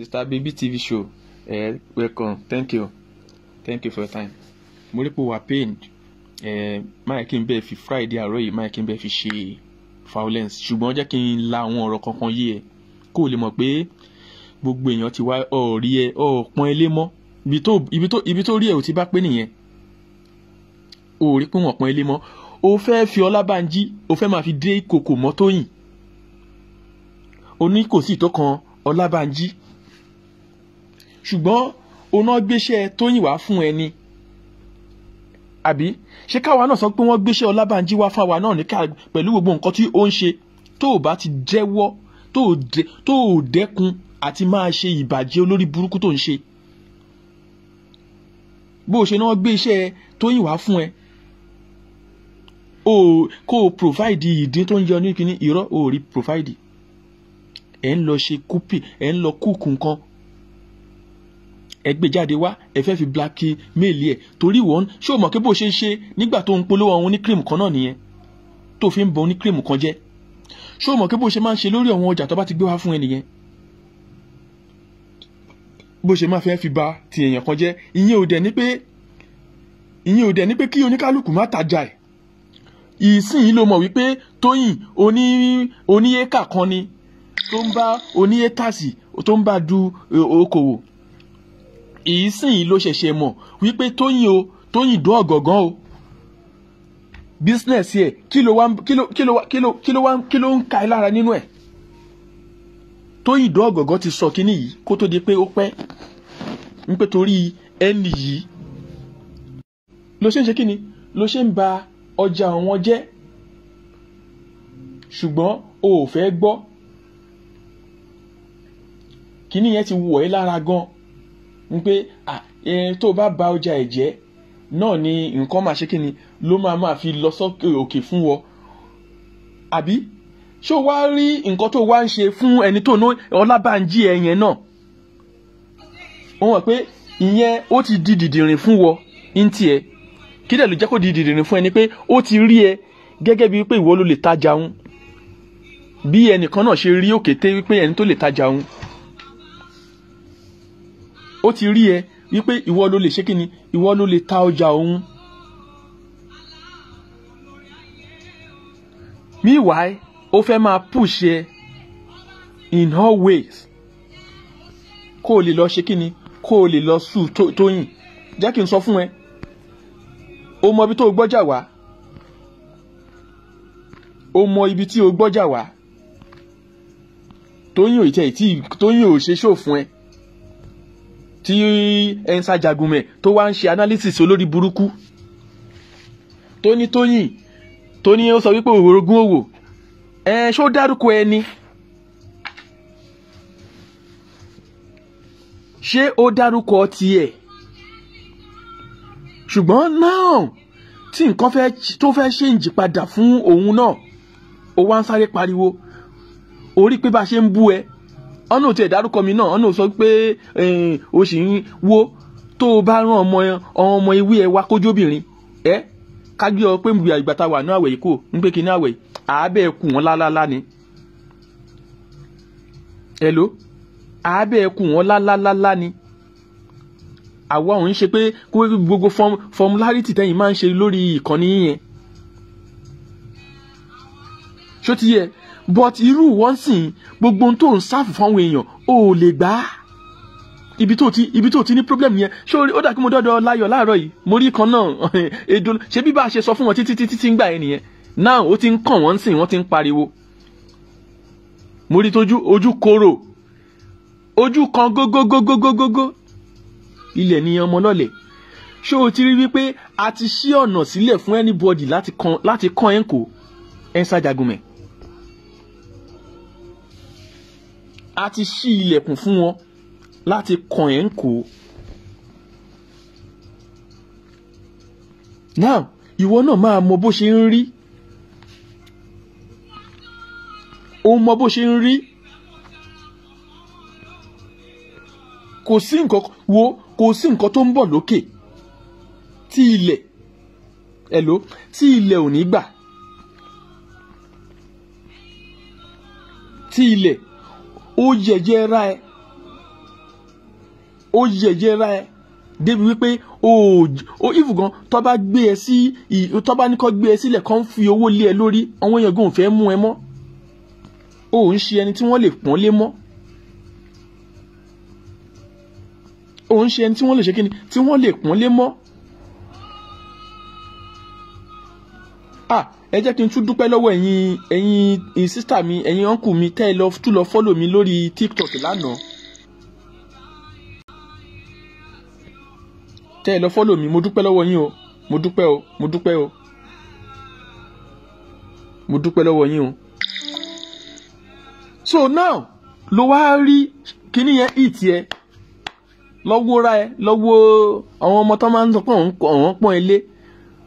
Sister Baby TV show eh, welcome thank you thank you for your time mo rí pé wà pain eh, máa kí n bẹ́ẹ̀ fi Friday àárọ̀ yìí máa kí n bẹ́ẹ̀ fi ṣe Faulence. ṣùgbọ́n jẹ́ kí n la àwọn ọ̀rọ̀ kankan yé ẹ kó o lè mọ̀ pé gbogbo èèyàn ti wá ọ̀ọ́rí ẹ ọ̀ọ́pọ́n ẹ lé mọ́ ibi tó rí ẹ ò ti bá pé nìyẹn o ò rí pé wọ́n pọ́n ẹ lé mọ́ o fẹ́ fi Ọlábànjí o fẹ́ máa fi dé ìkòkò mọ́ Tóyìn o ní kò sí ìtọ́ Ọlábànjí ṣùgbọ́n oná gbéṣẹ́ Tóyìn wá fún ẹni àbí ṣé káwa náà sọ pé wọ́n gbéṣẹ́ Ọlábànjí wá fáwa náà ní pẹ̀lú gbogbo nǹkan tí ó ń ṣe tó o bá ti jẹ́wọ́ tó o dẹ́kun àti máa ṣe ìbàjẹ́ olórí burúkú tó ń ṣe bó o ṣe náà gbé iṣẹ́ Tóyìn wá fún ẹ kó o provide ìdín tó ń yọ ní kíní irọ́ o provide ẹ̀ ń lọ ṣe kúpì ẹ̀ ń lọ kúùkù nǹkan ẹ gbé jáde wá ẹ fẹ́ fi black mail ẹ̀ torí wọ́n ṣé o mọ̀ pé bó ṣe ṣe nígbà tó ń polówó àwọn oníkírìmù kan náà nìyẹn tó fi ń bọ oníkírìmù kan jẹ́ ṣé o mọ̀ pé bó ṣe máa ń ṣe lórí àwọn ọjà tó bá ti gbé wá fún ẹ nìyẹn bó ṣe máa fẹ́ fi ba ti èèyàn kan jẹ́ ìyẹn ò dẹ̀ ní pé ìyẹn ò dẹ̀ ní pé kí oníkálukú má tajà ẹ̀ ìsìn ló mọ̀ wípé tóyìn du eh, okòwò ìsìn ló ṣẹ̀ṣẹ̀ mọ̀ wípé tóyìn o tóyìn dún ọ̀gọ̀ngàn o business yẹ kí ló wá kí ló kí ló wá kí ló wá kí ló ń ka ẹ lára nínú ẹ tóyìn dún ọ̀gọ̀ngàn ti sọ kínní yìí kó tó di pé ó pẹ́ ń pé torí ẹni yìí ló ṣe ń ṣe kínni ló ṣe ń ba ọjà wọn jẹ́ ṣùgbọ́n o ò fẹ́ gbọ́ kínní yẹn ti wọ̀ ẹ́ lára gan-an ni pé tó o bá ba ọjà ẹ̀ náà ni nǹkan máa ṣe kí ni ló máa máa fi lọ sókè òkè fún wọ àbí ṣó wá rí nǹkan tó wá ń ṣe fún ẹni tó ná Ọlábànjí ẹ̀yẹn náà wọ́n wọ̀ pé ìyẹn ó ti di dìdìrìn fún wọ ní tiẹ̀ kí dẹ̀ ló jẹ́ kó di dìdìrìn fún ẹni pé ó ti rí ẹ gẹ́gẹ́ bíi pé ìwọ ló lè tajà òun bí ẹnìkan náà ṣe rí òkété wípé ẹni tó lè tajà òun ó ti rí ẹ wípé ìwọ ló lè ṣe kí ni ìwọ ló lè ta ọjà òun. meanwhile ó fẹ́ máa push ẹ in all ways kó o lè lọ ṣe kí ni kó o lè lọ sùn tóyìn jẹ́ kí n sọ fún ẹ o mọ ibi tó o gbọ́jà wá o mọ ibi tí o gbọ́jà wá tóyìn ò tẹ̀ tí tóyìn ò ṣe ṣòfún ẹ tí ẹnsa jagunmẹ̀ tó wá ń ṣe analysis olórí burúkú tó ní tóyìn tó ní ó sọ wípé òwòrogún òwò ẹ ṣó dárúkọ ẹni ṣé ó dárúkọ tiẹ̀ ṣùgbọ́n náà tí nǹkan tó fẹ́ ṣe ń jì padà fún òun náà ó wá ń sáré pariwo orí pé bá a ṣe ń bú ẹ ọ̀nà òtí ẹ̀dárúkọ mi náà ọ̀nà sọ pé eh, o sì ń wo tó o bá rán ọmọ ọmọ ewé ẹ wá kójóbìnrin ẹ kágbé ọ pé ìgbà ìgbà tá wà ní àwẹ̀ yìí kò ń pé kí ní àwẹ̀ àábẹ̀ kù wọ́n lálálá ni hello àábẹ̀ kù wọ́n lálálá ni àwa òun ṣe pé kó gbogbo fọmularity tẹ́yìn máa ń ṣe lórí ìkànnì yẹn ṣó ti yẹ but irú wọn sìn gbogbo ohun tó ń sáfù fáwọn èèyàn ò lè gbà á ibi tó ti ibi tó ti ní problem yẹn ṣé ó dà kí mo dọ́dọ̀ láyọ̀ láàárọ̀ yìí mo rí kan náà èdò ṣé bí bá a ṣe sọ fún wọn títí títí ń gbà yẹn nìyẹn now ó ti ń kàn wọ́n sìn wọ́n ti ń pariwo mo rí tójú ojú koro ojú kan gógógógógógó ilẹ̀ ni ọmọ lọ́lẹ̀ ṣé o ti rí wípé a ti ṣí ọ̀nà sílẹ̀ fún anybody láti kan láti kan ẹ̀ ń kó a ti ṣí ilẹ̀kùn fún wọn láti kàn ẹ́ ń kó. now ìwọ náà máa mọ bó ṣe ń rí ó mọ bó ṣe ń rí kò sí nǹkan wo kò sí nǹkan tó ń bọ̀ lókè tí ilẹ̀ ẹ̀ló tí ilẹ̀ ò ní gbà tí ilẹ̀ ó yẹ̀yẹ́ ra ẹ ó yẹ̀yẹ́ ra ẹ débi wípé ó ìfù gan tó bá gbé ẹ sí tó bá ní kó gbé ẹ sílẹ̀ kó ń fi owó lé ẹ lórí àwọn èèyàn gan ò fẹ́ mú ẹ mọ́ ó ń ṣe ẹni tí wọ́n lè pọ́n lé mọ́ ó ń ṣe ẹni tí wọ́n lè ṣe kí ni tí wọ́n lè pọ́n lé mọ́ ah ẹ jẹ́ kí n tún dúpẹ́ lọ́wọ́ ẹ̀yin ẹ̀yin sísítà mi ẹ̀yin ọ̀nkù mi tẹ́ ẹ lọ tún lọ fọ́lò mi lórí tiktok lánàá tẹ́ ẹ lọ fọ́lò mi mo dúpẹ́ lọ́wọ́ yín o mo dúpẹ́ o mo dúpẹ́ o mo dúpẹ́ lọ́wọ́ yín o so now ló wá rí kíní yẹn hit yẹn lọ́wọ́ ra ẹ lọ́wọ́ àwọn ọmọ tó máa ń sọ pé òun pọ́n ẹ lé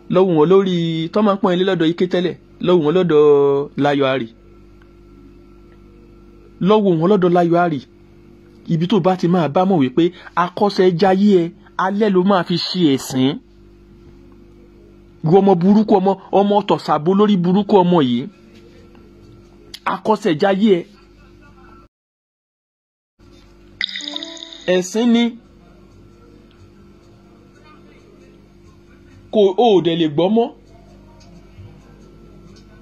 lọ́wọ́ wọn lórí tọ́mọ́pọ́n ilé lọ́dọ̀ ike tẹ́lẹ̀ lọ́wọ́ wọn lọ́dọ̀ Láyọ̀ Àrì lọ́wọ́ wọn lọ́dọ̀ Láyọ̀ Àrì ibi tó bá ti máa bá mọ̀ wípé akọ́ṣẹ́ jayé ẹ alẹ́ ló máa fi ṣe ẹ̀sìn wọ ọmọ burúkú ọmọ ọmọ tọ̀sàbó lórí burúkú ọmọ yìí akọ́ṣẹ́ jayé ẹ ẹ̀sìn ni kò o ò dẹ̀ lè gbọ́ mọ́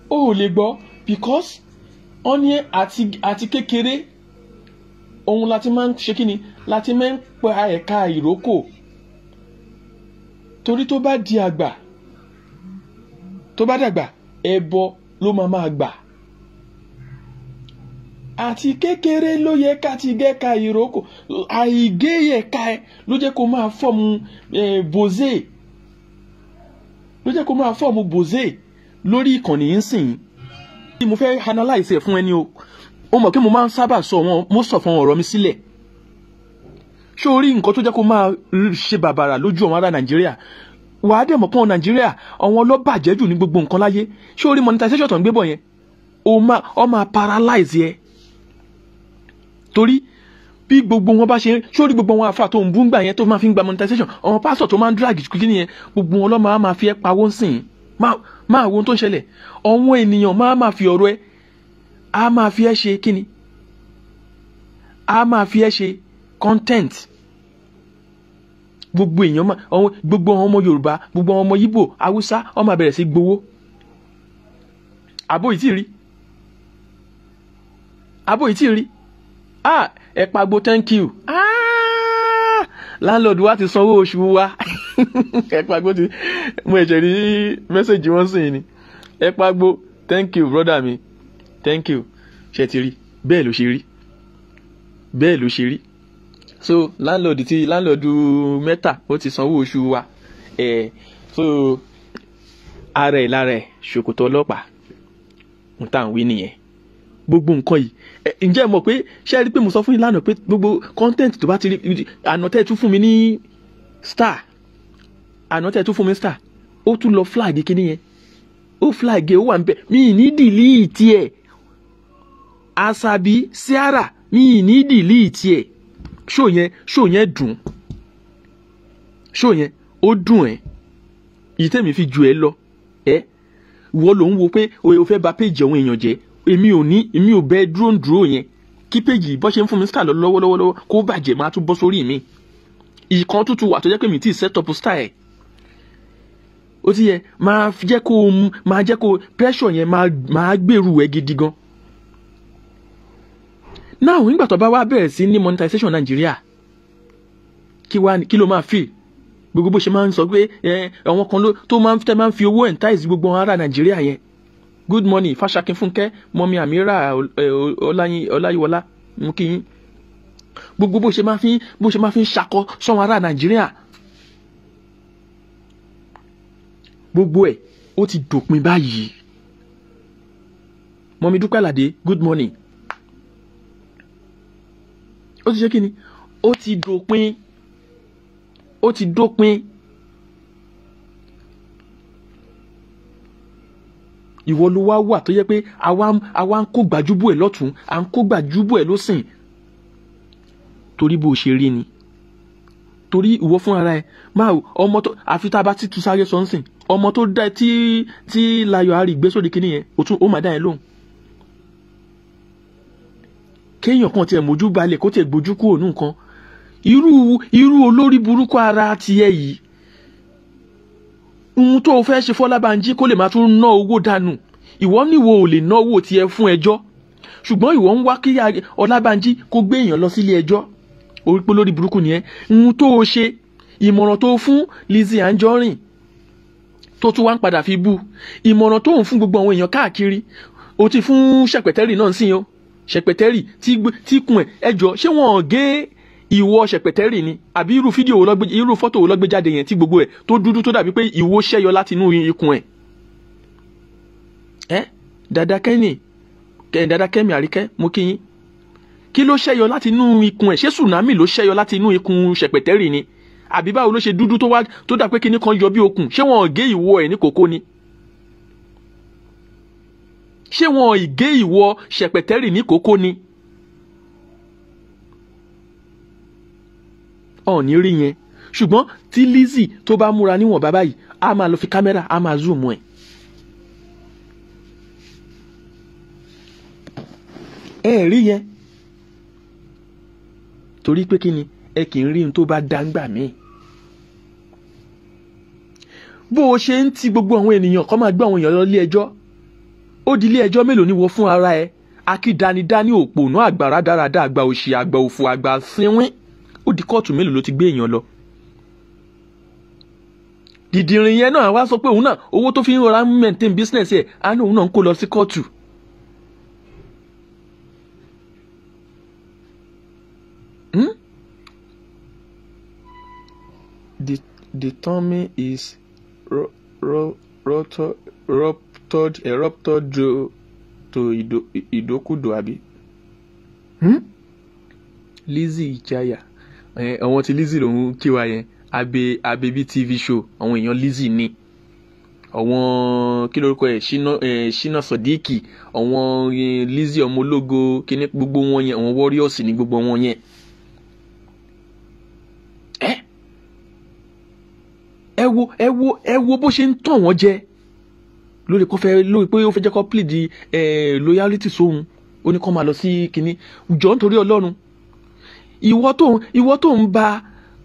o ò lè gbọ́ because wọ́n ní àti àti kékeré ohun láti máa ń ṣe kí láti máa ń pa ẹ̀ka ìrókò torí tó bá di àgbà tó bá dàgbà ẹbọ ló máa máa gbà àti kékeré ló yẹ ká ti gé ka ìrókò àìgé ẹ̀ka ẹ ló jẹ́ kó máa fọ́ọ̀mù eh, bòzé ló jẹ́ kó múra fọ́ọ̀mù bòzé lórí ìkànnì yìí sìn tí mo fẹ́ analyze ẹ̀ fún ẹni o ó mọ̀ kí mo máa ń sábà sọ wọn mo sọ fún ọ̀rọ̀ mi sílẹ̀ ṣé o rí nǹkan tó jẹ́ kó máa ṣe bàbàrà lójú àwọn ará nàìjíríà wàá dẹ̀ mọ̀ pọ́n nàìjíríà àwọn ọlọ́bàjẹ́ jù ní gbogbo nǹkan láyé ṣé o rí monetization tó ń gbé bọ̀ yẹn o máa ọ yẹ torí bí gbogbo wọn bá ṣe ń sórí gbogbo wọn afa tó ń bú ń gbà yẹn tó máa fi ń gba monetization àwọn pásítọ̀ tó máa ń drag kí nìyẹn gbogbo wọn lọ́mọ máa fi ẹ́ pawó ń sìn máa wo ohun tó ń ṣẹlẹ̀ ọ̀wọ́n ènìyàn máa máa fi ọ̀rọ̀ ẹ á máa fi ẹ́ ṣe kíni á máa fi ẹ́ ṣe content gbogbo èèyàn gbogbo àwọn ọmọ Yorùbá gbogbo àwọn ọmọ Yíbò Haúsá ó máa bẹ̀rẹ̀ sí gbowó àbó yìí rí àbó yìí rí ah ẹ pagbo thank you ah landlord wa ti sanwó oṣù wa ẹ pagbo ti mo ẹ̀ṣẹ̀ rí mẹ́sẹ̀gì wọn sìn ni ẹ pagbo thank you brother mi thank you ṣe ti rí bẹ́ẹ̀ ló ṣe rí bẹ́ẹ̀ ló ṣe rí so landlord ti landlord mẹ́ta ó ti sanwó oṣù wa ẹ̀ eh, so ara ẹ̀ lára ẹ̀ ṣòkòtò ọlọ́pàá n tá à wí nìyẹn gbogbo nǹkan yìí Eh, ǹjẹ́ mọ̀ pé ṣé ẹ rí pé mo sọ fún yín lánàá pé gbogbo content tó bá ti rí àná fún mi ní star àná tẹ́ ẹ fún mi star ó tún lọ flag kíní yẹn ó flag ó wà níbẹ̀ mi ì ní delete ẹ̀ Asabi Siara mi ì ní delete ẹ̀ ṣó yẹn ṣó yẹn dùn ṣó yẹn ó dùn ẹ̀ ìtẹ́mi fi ju ẹ lọ ẹ wọ́n ló ń wo pé o fẹ́ bà péjì àwọn èèyàn jẹ́ èmi ò ní èmi ò bẹ dúró ń dúró yẹn kí péjì bọ́ ṣe ń fún mi star lọ́wọ́lọ́wọ́ kó bàjẹ́ máa tún bọ́ sórí mi ìkan tuntun wà tó jẹ́ pé mi ti set up star ẹ̀ ó ti yẹ máa jẹ́ kó o mu máa jẹ́ kó pressure yẹn máa gbèrú ẹ gidi gan now nígbà tó bá wá bẹ̀rẹ̀ sí ní monetization Nàìjíríà kí wá kí ló máa feel gbogbo bó ṣe máa ń sọ pé àwọn kan tó máa ń fi owó entice gbogbo ará Nàìjíríà yẹn good morning fàṣàkín fúnkẹ́ mọ́mí àmírà ọláyíwọlá mú kí yín gbogbo bó ṣe máa fi bó ṣe máa fi ń ṣakọ sọ́wọ́n ará nàìjíríà gbogbo ẹ̀ ó ti dòpin báyìí mọ́mí dúpẹ́ àlàdé good morning ó ti ṣe kí ni ó ti dòpin ó ti dópin ìwọ ló wá wà tó yẹ pé àwa ń kó gbàjúbù ẹ̀ lọ́tún à ń kó gbàjúbù ẹ̀ lọ́sìn torí bó ṣe rí ni torí ìwọ fún ara ẹ máa ọmọ tó àfi tá a bá ti tu sáré sọ ń sìn ọmọ tó dá tí tí Láyọ̀ àárí gbé sóde kínní yẹn òtún ó máa dá yẹn lóhùn kéèyàn kan tiẹ̀ mójú balẹ̀ kó tiẹ̀ gbójú kúrò nù nǹkan irú irú olórí burúkú ara tiẹ̀ yìí ohun tó o fẹ́ ṣe Fọlábànjí kó lè máa tún ná owó dànù ìwọ níwò ò lè ná owó tiẹ̀ fún ẹjọ́ ṣùgbọ́n ìwọ ń wá kí Ọlábànjí kó gbé èèyàn lọ sílé ẹjọ́ orí pé lórí burúkú nìyẹn ohun tó o ṣe ìmọ̀ràn tó o fún Lizzy Anjorin tó tún wá ń padà fi bú ìmọ̀ràn tó ń fún gbogbo àwọn èèyàn káàkiri o ti fún ṣẹpẹtẹrì náà sí yan ṣẹpẹtẹrì tí kùn ẹ ẹjọ ṣé wọn gé ìwọ ṣẹpẹtẹrì ni àbí irú fídíò wo lọ́gbé irú fọ́tò wo lọ́gbé jáde yẹn tí gbogbo ẹ̀ tó dúdú tó dàbí pé ìwo ṣẹ́yọ láti inú ikùn ẹ̀. ẹ dada kẹ́ni dada kẹ́mi àríkẹ́ mo kí yín kí ló ṣẹ́yọ láti inú ikùn ẹ̀ ṣé tsunami ló ṣẹ́yọ láti inú ikùn ṣẹpẹtẹrì ni àbí báwo ló ṣe dúdú tó wá tó dà pé kinní kan yọ bí okùn ṣé wọn ò gé ìwo ẹ̀ ní kókó ni ṣé wọn gé ìwo ṣẹpẹtẹrì ní kókó ni. ọ̀ọ́ni rí yẹn ṣùgbọ́n tí Lizzy tó bá múra níwọ̀n bàbá yìí a máa lọ fi kámẹ́rà a máa zoom ẹ̀. ẹ rí yẹn torí pé kí ni ẹ kì í rí ohun tó bá dá ńgbà míì bó o ṣe ń ti gbogbo àwọn ènìyàn kọ́ máa gbé àwọn èèyàn lọ ilé ẹjọ́ ó di ilé ẹjọ́ mélòó ni wọ́n fún ara ẹ akídanidá ní òpònú àgbà rádaràda àgbà òṣì àgbà òfò àgbà sínwín ó di kóòtù mélòó ló ti gbé èèyàn lọ. dìdìrín yẹn náà wá sọ pé òun náà owó tó fi ń rọra maintain business ẹ̀ á ní òun náà ń kó lọ sí kóòtù. Hmm? The tummy is ruptured, eh, ruptured erupted to ido, idokudo abi. Hmm? Lizzie Ijaya àwọn tí Lizzy lòún kí wa yẹn abe abebi tv show àwọn èèyàn Lizzy ni àwọn kí lorúkọ ẹ ṣínà ẹ ṣínà sọdíkì àwọn Lizzy ọmọ ológo kíní gbogbo wọn yẹn àwọn warriors ni gbogbo wọn yẹn. ẹ wo ẹ wo ẹ wo bó ṣe ń tàn wọ́n jẹ lórí kó fẹ́ lórí pé ó fẹ́ jẹ́ kó plead ẹ loyalty sóhun ó ní kó máa lọ sí kínní jọ nítorí Ọlọ́run ìwọ tó ìwọ tó ń ba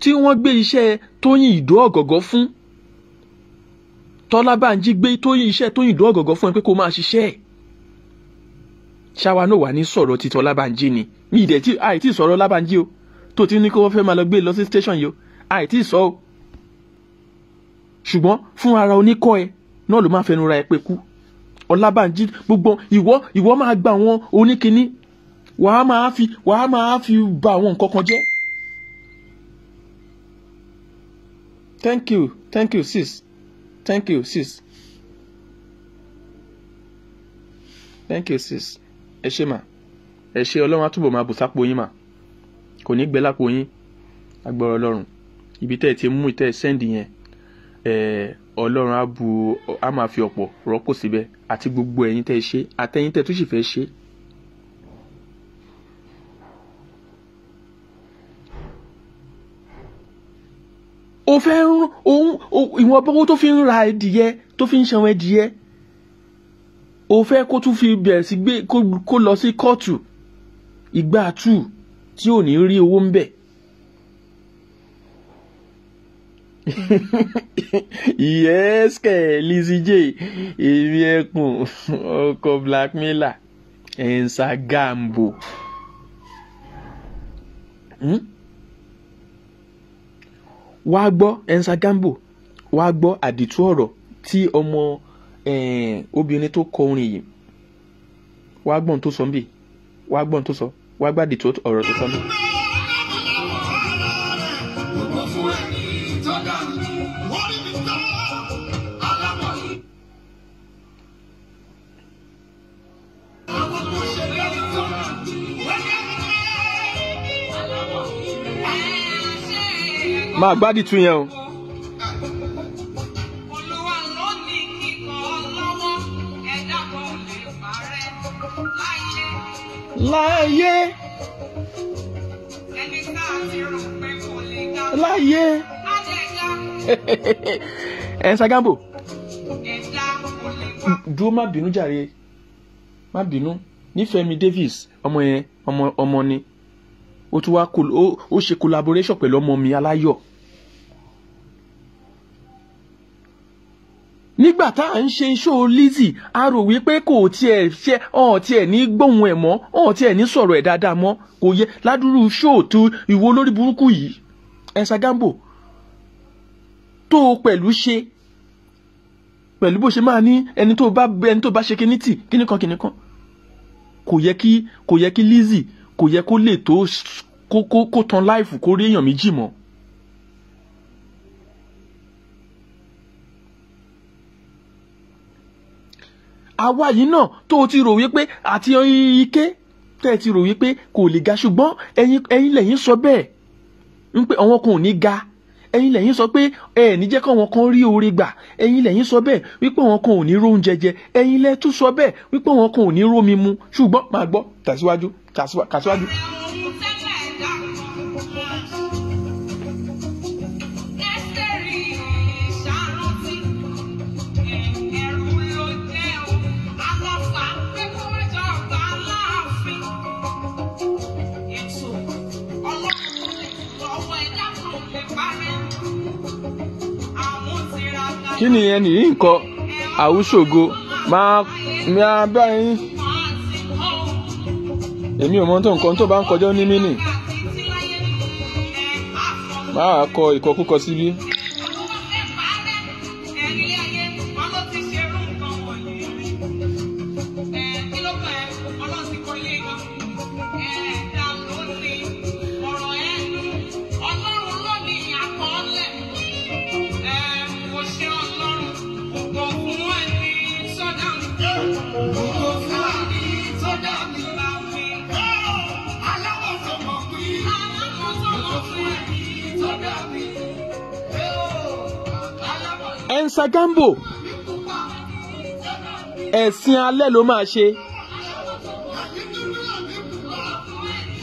tí wọ́n gbé iṣẹ́ Tóyìn Ìdó Ọ̀gọ̀gọ̀ fún Tọ́lá Bánjí gbé Tóyìn iṣẹ́ Tóyìn Ìdó Ọ̀gọ̀gọ̀ fún ẹ pé kó máa ṣiṣẹ́ ẹ̀ ṣáwa náà wà ní sọ̀rọ̀ ti Tọ́lá Bánjí ni mi ì dẹ̀ tí àìtí sọ̀rọ̀ Lábánjí o tó ti ní kí wọ́n fẹ́ máa lọ gbé e lọ sí station yìí o àìtí sọ o ṣùgbọ́n fún ara oníkọ́ ẹ náà ló máa fẹnu ra ẹ pé kú Ọlábánjí gbogbo ìwọ ìwọ máa gba àwọn oníkiní wàá máa fi wàá máa fi ba àwọn nǹkan kan jẹ́. thank you thank you sis thank you sis thank you sis ẹ ṣé mà ẹ ṣé ọlọ́run àtúbọ̀ máa bù sápò yín mà kò ní gbẹ lápò yín agbọ́rọ̀ ọlọ́run ibi tẹ́ ẹ ti mú ìtẹ́ ẹ sẹ́ndì yẹn ọlọ́run á bu á máa fi ọ̀pọ̀ rọ́pò síbẹ̀ àti gbogbo ẹ̀yin tẹ́ ẹ ṣe àtẹ̀yin tẹ́ ẹ tún sì fẹ́ ṣe òun fẹ́ òun ìwọ̀n bọ́wọ́ tó fi ń ra ẹdìyẹ tó fi ń ṣanwó ẹdìyẹ òun fẹ́ kó tún fi bẹ̀rẹ̀ sí gbé kó lọ sí kóòtù ìgbà tù tí ò ní rí owó ń bẹ̀. yes Lizzy J èmi ẹkùn ọkọ black ẹ̀ ń sa gambo. Hmm? wá gbọ́ Ensa Gambo wá gbọ́ àdìtú ọ̀rọ̀ tí ọmọ eh, obìnrin tó kọ orin yìí wá gbọ́n tó sọ ń bì wá gbọ́n tó sọ wá gbàdìtú ọ̀rọ̀ tó sọ ń bì. máa gbádìí tún yẹn o. láyé láyé ẹ̀sà gambo dúró má bínú jàre má bínú nífẹ̀ẹ́ mi Davis ọmọ yẹn ọmọ ọmọ ni ó tún wá ó ṣe collaboration pẹ̀lú ọmọ mi aláyọ̀. nígbà tá à ń ṣe iṣó Lizzy a rò wípé kò tiẹ̀ ṣe ọ̀n tiẹ̀ ní gbóhùn ẹ̀ mọ́ ọ̀n tiẹ̀ ní sọ̀rọ̀ ẹ̀ dáadáa mọ́ kò yẹ ládùúrú ṣóòtú ìwo lórí burúkú yìí ẹ̀sà gambo tó o pẹ̀lú ṣe pẹ̀lú bó ṣe máa ní ẹni tó bá ẹni tó bá ṣe kíní tì kíní kan kíní kan kò yẹ kí kò yẹ kí Lizzy kò yẹ kó lè tó kó kó kó tan láìfù kó rí èèyàn méjì mọ́. àwa yìí náà tó o ti rò wípé àti ike tẹ́ ẹ ti rò wípé kò lè ga ṣùgbọ́n ẹ̀yin ẹ̀yin lẹ́yìn sọ bẹ́ẹ̀ ń pé àwọn kan ò ní ga ẹ̀yin lẹ́yìn sọ pé ẹ ní jẹ́ káwọn kan rí oore gbà ẹ̀yin lẹ́yìn sọ bẹ́ẹ̀ wípé àwọn kan ò ní róun jẹjẹ ẹ̀yin lẹ́ tún sọ bẹ́ẹ̀ wípé àwọn kan ò ní rómi mu ṣùgbọ́n màá gbọ́ tàsíwájú tàsíwájú. kí nìyẹn nìyí nǹkan àwùṣògo máa máa bá yín èmi ò mọ tó nǹkan tó bá ń kọjá ní mí nì máa kọ ìkọkúkọ síbí. Si ẹ̀sìn alẹ́ ló máa ṣe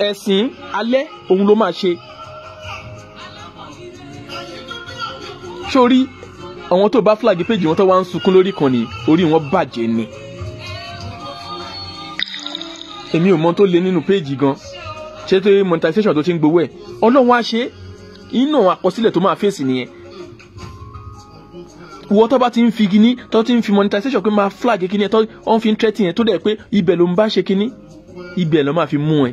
ẹ̀sìn alẹ́ òun ló máa ṣe sórí àwọn tó bá flag page wọn tó wá ń sunkún lórí kan ní orí wọn bàjẹ́ ni èmi ò mọ tó lé nínú péèjì gan ṣé tó monetization tó ti ń gbowó ẹ ọlọ́run á ṣe é iná àkọsílẹ̀ tó máa fèsì nìyẹn wọ́n tó bá ti ń fi kíní tó ti ń fi monetization pé máa flag kíní ẹ̀ tó ń fi threatening ẹ̀ tó dẹ̀ pé ibẹ̀ ló ń bá ṣe kíní ibẹ̀ ló máa fi mú ẹ.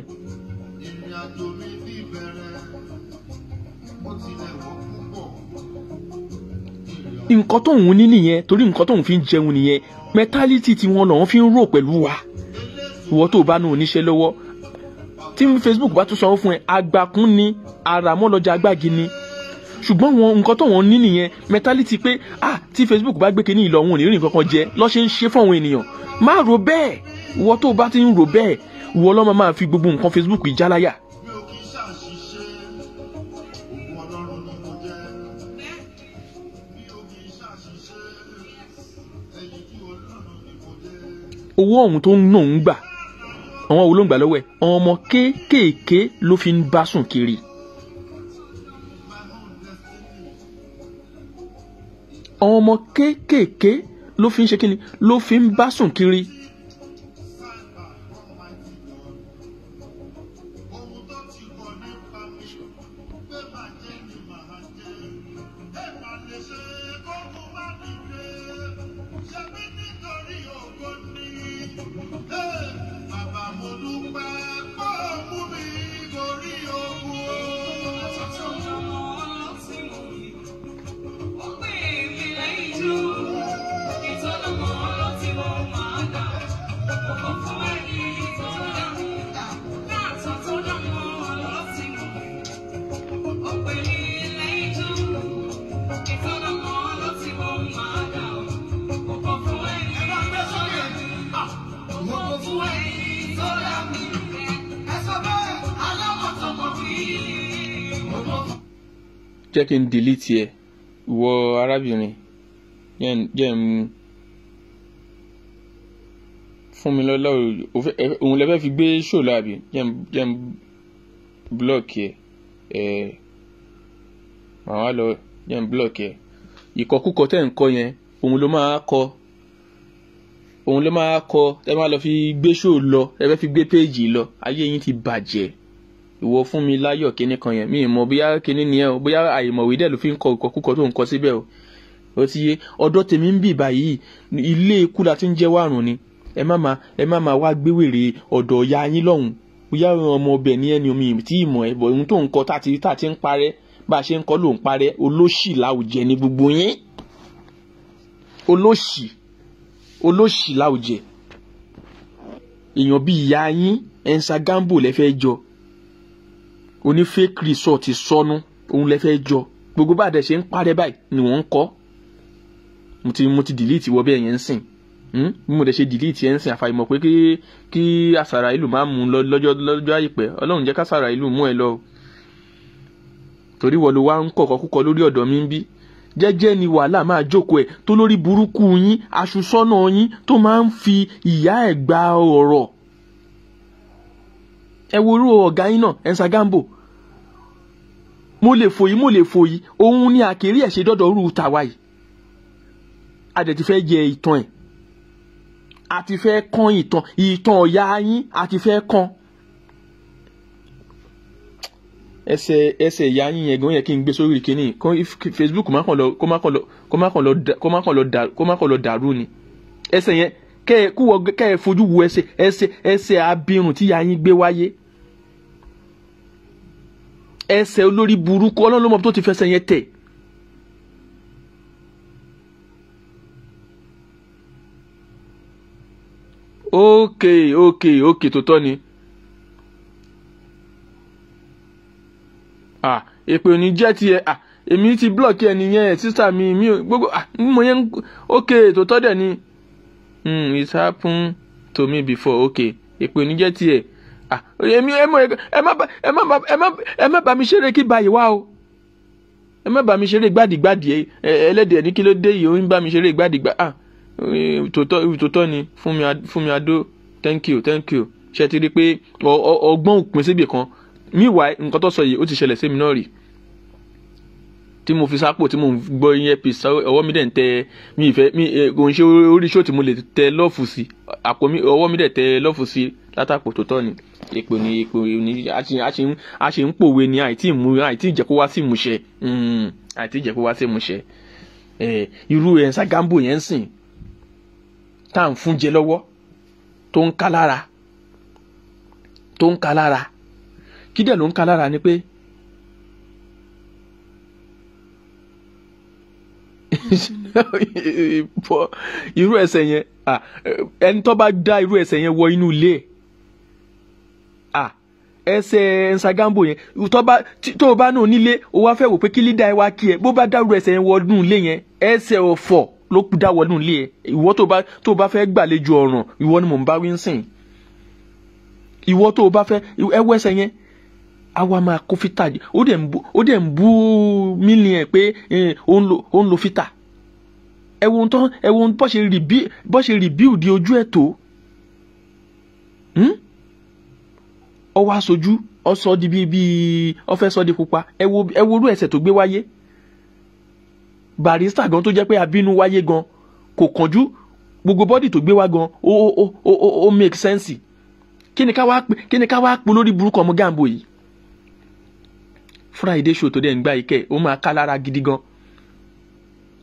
nǹkan tó ń ní nìyẹn torí nǹkan tó ń fi jẹun nìyẹn mẹtálítì tí wọn náà fi ń rò pẹ̀lú wa ìwọ tó bá nu oníṣẹ́ lọ́wọ́ tí Facebook bá tún sanwó fún ẹ àgbàkún ni àràmọ́lọ́jà agbági ni ṣùgbọ́n wọn nǹkan tó wọn ní nìyẹn mentality pé ah tí Facebook bá gbé kínní ìlọ̀hún òní rí nǹkan kan jẹ lọ́ ṣe ń ṣe fún àwọn ènìyàn má rò bẹ́ẹ̀ wọ́n tó bá ti ń rò bẹ́ẹ̀ wọ́n lọ́mọ máa fi gbogbo nǹkan Facebook yìí jáláyà owó ọ̀hún tó ń náà ń gbà àwọn wo ló lọ́wọ́ ẹ̀ ọmọ kéékèèké ló fi ń bá sùn kiri. àwọn ọmọ kéékèèké ló fi ń ṣe kí ni ló fi ń bá sùn kiri jẹ́ kí n delete ẹ̀ wọ arábìnrin jẹ́ n fún mi lọ́lá òun lẹ́fẹ́ fi gbé ṣòó láàbì jẹ́ n block ẹ̀ ẹ̀ màá lọ jẹ́ n block ẹ̀ ìkọkúkọ tẹ́ ń kọ yẹn òun ló máa kọ òun ló máa kọ ẹ máa lọ fi gbé ṣòó lọ ẹ fẹ́ fi gbé péèjì lọ ayé yín ti bàjẹ́ ìwọ fún mi láyọ̀ kíní kan yẹn mi ì mọ bóyá kíní nìyẹn o bóyá àìmọ̀wé dẹ̀ ló fi ń kọ ìkọkúkọ tó ń kọ síbẹ̀ o ó ti yé ọ̀dọ̀ tèmi ń bì báyìí ilé ikú la ti ń jẹ́ wàrùn ni ẹ má ma ẹ má ma wá gbéwèrè ọ̀dọ̀ ọ̀ya yín lọ́hùn bóyá ọmọ ọbẹ̀ ni ẹni omi tí ì mọ̀ ẹ bọ̀ ohun tó ń kọ tá a ti ń parẹ́ bá a ṣe ń kọ́ ló ń parẹ́ olóṣì láwùjẹ ni gbogbo yín olóṣì olóṣì láwùjẹ èèyàn bíi ìyá yín ẹnsa gambo lẹ jọ oní fake resort sọnù òun lẹ fẹ́ jọ gbogbo bá a dẹ̀ ṣe ń parẹ́ báyìí ni wọ́n ń kọ́ mo ti mo ti delete wọ bẹ́ẹ̀ yẹn ń sìn hmm? bí mo dẹ̀ ṣe delete yẹn ń sìn àfàìmọ̀ pé kí kí àṣàrà ìlú máa mú un lọ́jọ́ lọ́jọ́ àìpẹ́ ọlọ́run jẹ́ káṣàrà ìlú mú ẹ lọ torí wọ́n ló wá ń kọ̀kọ́ kúkọ lórí ọ̀dọ̀ mi ń bí jẹ́jẹ́ ni wàhálà máa jókòó ẹ̀ tó lórí burúkú yín aṣùsọ́nà yín tó máa ń fi ìyá ẹ̀ gba ọ̀rọ̀ ẹ worú ọ̀gá yín náà ẹnsa gambo mo lè fòyí mo lè fòyí òun ni àkèrè ẹ̀ ṣe dọ́dọ̀ rú tàwa yìí a dẹ̀ ti fẹ́ jẹ ìtàn ẹ̀ a fẹ́ kan ìtàn ìtàn ọ̀yà yín a fẹ́ kan ẹsẹ̀ ẹsẹ̀ ìyá yín yẹn gan yẹ kí n gbé sórí ìkíní Facebook kó má kàn lọ kó má kàn lọ kó dàrú ni ẹsẹ̀ yẹn kẹ́ ẹ kúwọ́ kẹ́ ẹ fojú wo ẹsẹ̀ ẹsẹ̀ ẹsẹ̀ abirùn tí ìyá yín gbé wáyé ẹsẹ̀ olórí burúkú ọlọ́run ló mọ̀ tó ti fẹsẹ̀ yẹn tẹ̀. ókè ókè ókè tó tọ́ ni. à èpè òní jẹ́ tiẹ̀ à èmi ti blọọkì ẹni yẹn sísá mi mi ò gbogbo à mo yẹn ókè tó tọ́ dẹ̀ ni. Mm, it happened to me before okay èpè òní jẹ́ tiẹ̀ ah, èmi ẹ má bá mi ṣeré kí báyìí wá o ẹ má bá mi ṣeré gbádìgbádì ẹlẹ́dẹ̀ẹ́ ní kí ló dé yìí ó ń bá mi ṣeré gbádìgbá ah, tòótọ́ ni fún mi adó thank you thank you ṣe ti rí i pé ọgbọ́n òpin síbì kan meanwhile nǹkan tó sọ yìí ó ti ṣẹlẹ̀ sí mi náà rí tí mo fi sápò tí mo ń gbọ́ iye pèsè ọwọ́ mi dẹ̀ ń tẹ mi ìfẹ́ mi kò ń ṣe orí ṣó tí mo lè tẹ lọ́ọ̀fù sí àpò mi ọwọ́ mi dẹ̀ tẹ lọ́ọ̀fù sí látàpò tó tọ́ ni èpò ni èpò ni a ṣe ń pòwe ni àìtí ìmú àìtí ìjẹ́kó wá sí ìmúṣẹ hmm, àìtí ìjẹ́kó wá sí ìmúṣẹ irú ẹ̀ ń Ṣàgámbò yẹn ń sìn tá à ń fún jẹ lọ́wọ́ tó ń ká lára tó ń ká lára kí dẹ̀ ló ń ká lára ni pé irú ẹsẹ̀ yẹn ẹni tó bá dá irú ẹsẹ̀ yẹn wọ inú ilé ẹ̀ ẹsẹ̀ Nsagambo yẹn tó o bá náà nílé o wá fẹ́ wò pé kí lídà ẹ wá kí ẹ bó bá dárú ẹsẹ̀ yẹn wọnú ilé yẹn ẹsẹ̀ ọ̀fọ̀ ló dá wọnú ilé ẹ ìwọ tó o bá fẹ́ gbàlejò ọ̀ràn ìwọ ni mò ń bá wí ń sìn ìwọ tó o bá fẹ́ ẹ wọ ẹsẹ̀ yẹn àwa máa kó fítà jẹ ó dẹ̀ ń bú ó dẹ̀ ń bú mílíọ̀n pé ó ń lo fítà ẹ wo tán ẹ wo bó ṣe rìbíù di ojú ẹ̀ tó. Hmm? ọ wá sojú ọ sọ di bíi bíi ọ fẹ́ sọ di pupa ẹ wo ẹ wo orú ẹ̀ṣẹ̀ tó gbé wáyé Barrister gan tó jẹ́ pé abínú wáyé gan kò kánjú gbogbo bọ́dì tó gbé wá gan ó ó ó ó make sense kí ni ká wá pè kí ni ká wá pè lórí burúkú ọmọ Gambo yìí Friday show tó dẹ̀ ń gbá yìí kẹ́ ó máa ká lára gidi gan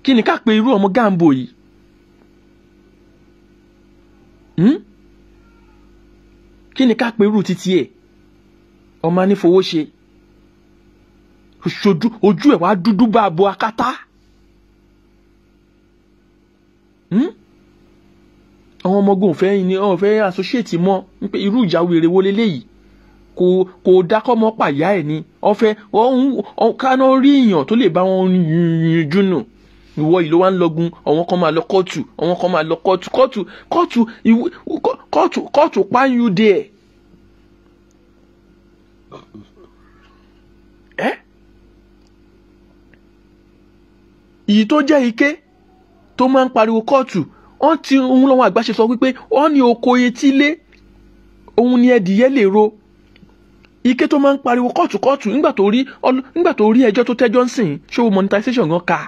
kí ni ká pè irú ọmọ Gambo yìí hmm? kí ni ká pè irú títí ẹ̀ ọmọ anífowó ṣe ṣojú ojú ẹ̀ wá dúdú bá abo akátá hmm? àwọn ọmọ ogun òfẹ́ ni wọn fẹ́ associate mọ́ pé irú ìjà wèrè wo leléyìí kò kò dákọ́ mọ́ pàyà ẹ̀ ni ọ̀fẹ́ kaná rí èèyàn tó lè bá wọn yìnyín nù ìwọ yìí ló wá ń lọgun àwọn kan máa lọ kóòtù àwọn kan máa lọ kóòtù kóòtù kóòtù kóòtù kóòtù pààyàn dé ẹ̀ ẹ́ èyí tó jẹ́ ike tó máa ń pariwo kóòtù wọ́n ti ń lọ́wọ́ àgbàṣe sọ wípé wọ́n ní oko etílé òun ni ẹdìyẹ lè ro ike tó máa ń pariwo kóòtù kóòtù nígbà tó rí nígbà tó rí ẹjọ́ tó tẹ́jọ́ ń sìn ṣòwò monetization gan ka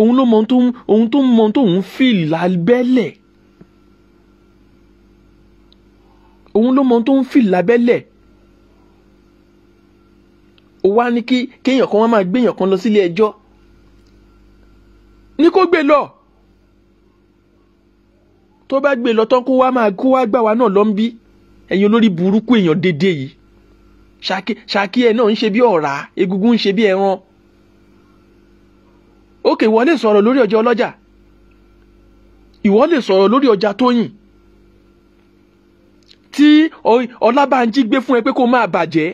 òun ló mọ ohun tó ń mọ ohun tó ń fìlà bẹ́lẹ̀. òun ló mọ ohun tó ń fì lábẹ́lẹ̀ ó wá ní kí kéèyàn kan wá máa gbéèyàn kan lọ sílé ẹjọ́ ní kó gbé lọ tó bá gbé lọ tán kó wá máa kó wá gbà wá náà lọ ń bí ẹ̀yin olórí burúkú èèyàn dédé yìí ṣáàkì ẹ̀ náà ń ṣe bí ọ̀rá egungun ń ṣe bí ẹran òkè ìwọ lè sọ̀rọ̀ lórí ọjà ọlọ́jà ìwọ lè sọ̀rọ̀ lórí ọjà Tóyìn tí Ọlábànjí gbé fún ẹ pé kó máa bàjẹ́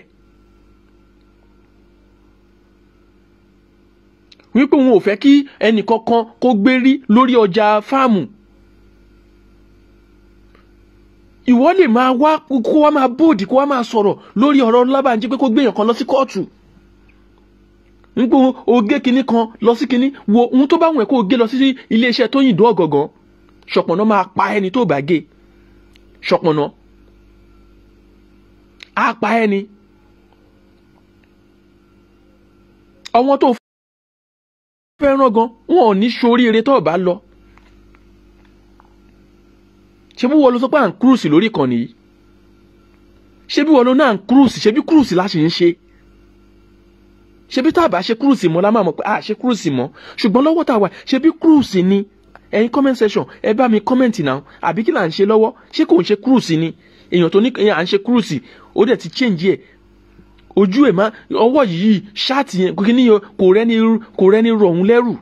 wípé òun ò fẹ́ kí ẹnìkankan kó gbé rí lórí ọjà fáàmù ìwọ lè máa wá kó wá máa bóòdì kó wá máa sọ̀rọ̀ lórí ọ̀rọ̀ Ọlábànjí pé kó gbé èèyàn kan lọ sí kóòtù nígbò ogé kinní kan lọ sí kinní wo ohun tó bá wù kó gé lọ sí iléeṣẹ́ Tóyìn Ìdó Ọ̀gọ̀gàn ṣọ̀pọ̀nà máa pa ẹni tó bá gé ṣọ̀pọ̀nà á pa ẹ́ ni àwọn tó fẹ́ràn gan wọn ò ní ṣoríire tó bá lọ ṣé bí wọ́n ló sọ pé à ń kúrùsì lórí ìkànnì yìí ṣé bí wọ́n ló náà ń kúrùsì ṣé bí kúrùsì láti ń ṣe ṣe bí tá a bá ṣe kúrùsì mọ́ la máa mọ̀ pé a ṣe kúrùsì mọ́ ṣùgbọ́n lọ́wọ́ tá a bí kúrùsì ni ẹ̀yin comment section ẹ bá mi comment now. àbí kí là ń ṣe lọ́wọ́ ṣé kò ń ṣe kúrùsì ni èèyàn tó ní à ń ṣe kúrúùsì ó dẹ̀ ti change ẹ̀ ojú ẹ̀ má ọwọ́ yìí ṣáàtì yẹn kò kíní kò rẹ́ni kò rẹ́ni rọ òun lẹ́rù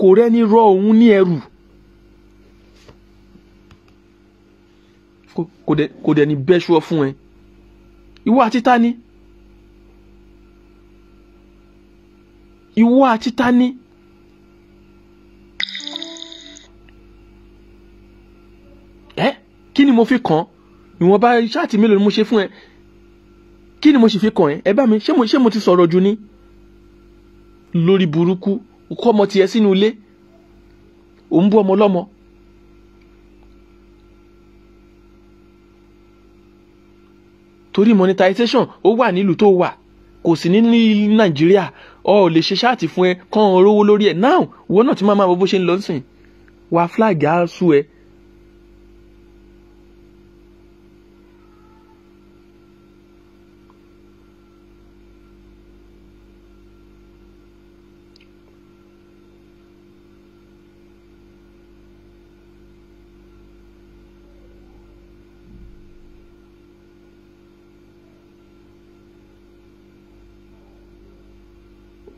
kò rẹ́ni rọ òun ní ẹrù kò dẹ̀ ní bẹ́ṣu ọ fún ẹ ìwọ àti ni ìwọ àti ni. Eh? kí ni mo fi kàn ìwọ̀nba ṣáàtì mélòó ni mo ṣe fún ẹ kí ni mo sì fi kàn ẹ ẹ bá mi ṣé mo ṣé mo ti sọ̀rọ̀ jù ni lórí burúkú kọ́ ọmọ tiẹ̀ sínú ilé ò ń bú ọmọ lọ́mọ. torí monetization ó wà nílùú tó wà kò sí ní nàìjíríà ọ ò lè ṣe ṣáàtì fún ẹ kàn án rówó lórí ẹ now wọn náà ti máa máa bó bó ṣe ń lọ sìn wàá flag á sú ẹ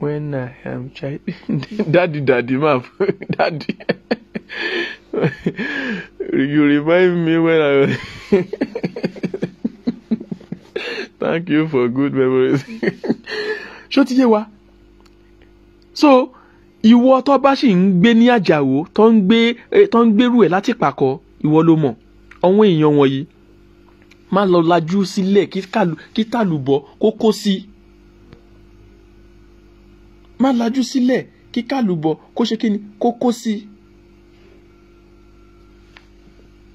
when I am child. daddy, daddy, ma'am, daddy. you remind me when I Thank you for good memories. Ṣó ti yé wa? So ìwọ tó bá sì ń gbé ní àjàwó tó ń gbé eh, tó ń gbérù ẹ̀ láti pàkọ́ ìwọ ló mọ̀ àwọn èèyàn wọ̀nyí má lọ lajú sílẹ̀ kí tàlùbọ̀ kó kó sí i má lajú sílẹ̀ kí kálùbọ̀ kó ṣe kí ni kó kó sí i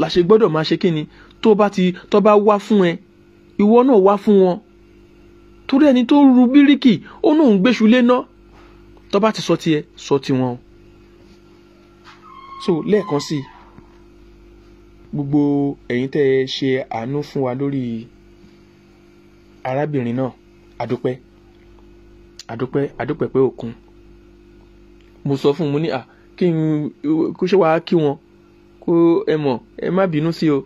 làṣẹ gbọ́dọ̀ máa ṣe kí ni tó bá ti tó bá wá fún ẹ ìwọ náà wá fún wọn torí ẹni tó ru bíríkì ó náà ń gbéṣu lé ná tó bá ti sọ tiẹ̀ sọ tiwọn so lẹ́ẹ̀kan sí i gbogbo ẹ̀yin tẹ́ ẹ ṣe àánú fún wa lórí arábìnrin náà a àdúpẹ́ àdúpẹ́ pé òkun mo sọ fún un ní à kí n kó ṣe wàá kí wọn kó ẹ mọ̀ ẹ má bínú sí o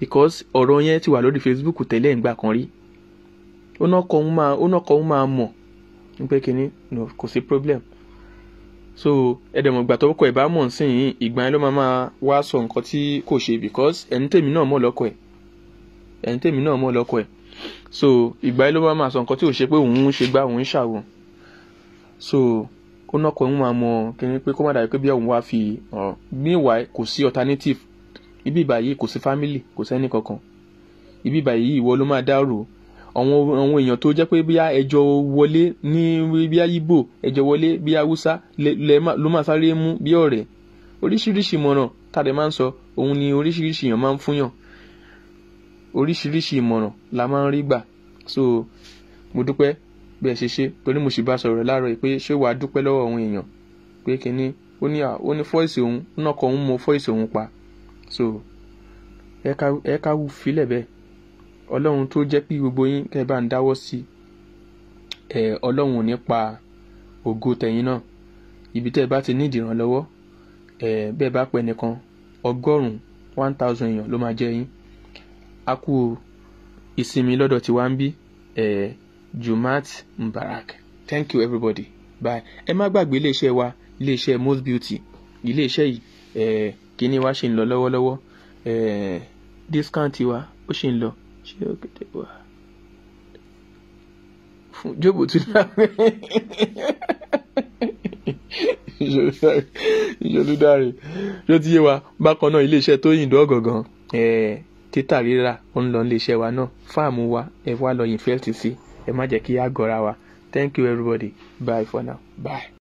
because ọ̀rọ̀ yẹn ti wà lórí Facebook tẹ́lẹ̀ ńgbà kan rí ó náà kọ́ ń máa ó náà kọ́ ń máa mọ̀ pé kínní no kò sí problem so ẹ̀dẹ̀mọ̀gbà tó kọ ẹ̀ bá mọ̀ sí yìí ìgbà yẹn ló máa máa wá sọ nǹkan tí kò ṣe because ẹni tèmi náà mọ̀ lọ́kọ̀ ẹ̀ ẹni tèmi náà mọ̀ lọ́kọ̀ ẹ̀ so ìgbà yìí ló máa sọ nǹkan tí ò ṣe pé òun ń ṣe gbá òun ń ṣàwò so ó náà kọ́ ń máa mọ kíni pé kó má dàbí pé bí òun wá fi hàn meanwhile kò sí alternative ibi ìbà yìí kò sí family kò sẹ́ni kankan ibi ìbà yìí ìwọ ló máa dárò àwọn àwọn èèyàn tó jẹ́ pé bíyá ẹjọ́ wọlé ní bíyá Ìgbò ẹjọ́ wọlé bíyá Haúsá ló máa sáré mú bí ọ̀rẹ́ oríṣiríṣi mọ̀ràn tàdé máa ń sọ òun ni oríṣiríṣi èèyàn máa ń fúnyàn oríṣiríṣi ìmọ̀ràn la máa ń rí gbà so mo dúpẹ́ bí ẹ ṣe ṣe torí mo sì bá sọ̀rọ̀ láàárọ̀ pé ṣé wàá dúpẹ́ lọ́wọ́ àwọn èèyàn pé kínní ó ní ó ní fọ́ìsì òun náà kọ́ òun mọ fọ́ìsì òun pa so ẹ ká wù fílẹ̀ bẹ́ẹ̀ ọlọ́run tó jẹ́ pé gbogbo yín kẹ́ ẹ bá ń dáwọ́ sí ẹ ọlọ́run ò ní pa ògo tẹ̀yìn náà ibi tẹ́ ẹ bá ti ní ìdìrànlọ́wọ́ ẹ bẹ́ẹ̀ bá pẹ́ nìkan ọgọ́rùn-ún one thousand èèyàn ló máa jẹ́ yín Aku kú ìsinmi lọ́dọ̀ tí wàá ń Jumat Mubarak thank you everybody bye ẹ má gbàgbé iléeṣẹ́ wa iléeṣẹ́ most Beauty iléeṣẹ́ yìí kíní wa ṣì ń lọ lọ́wọ́lọ́wọ́ discount wa ó ṣì ń lọ ṣé ó kété wá fún jókòó tún dáre ìṣòlúdáre ló ti yé wa bákan náà iléeṣẹ́ Tóyìn Dó Ọ̀gàngán títà rírà ó ń lọ ilé iṣẹ́ wa náà fáàmù wa ẹ wá lọ invest sí ẹ má jẹ́ kí a gọra wa thank you everybody bye for now bye.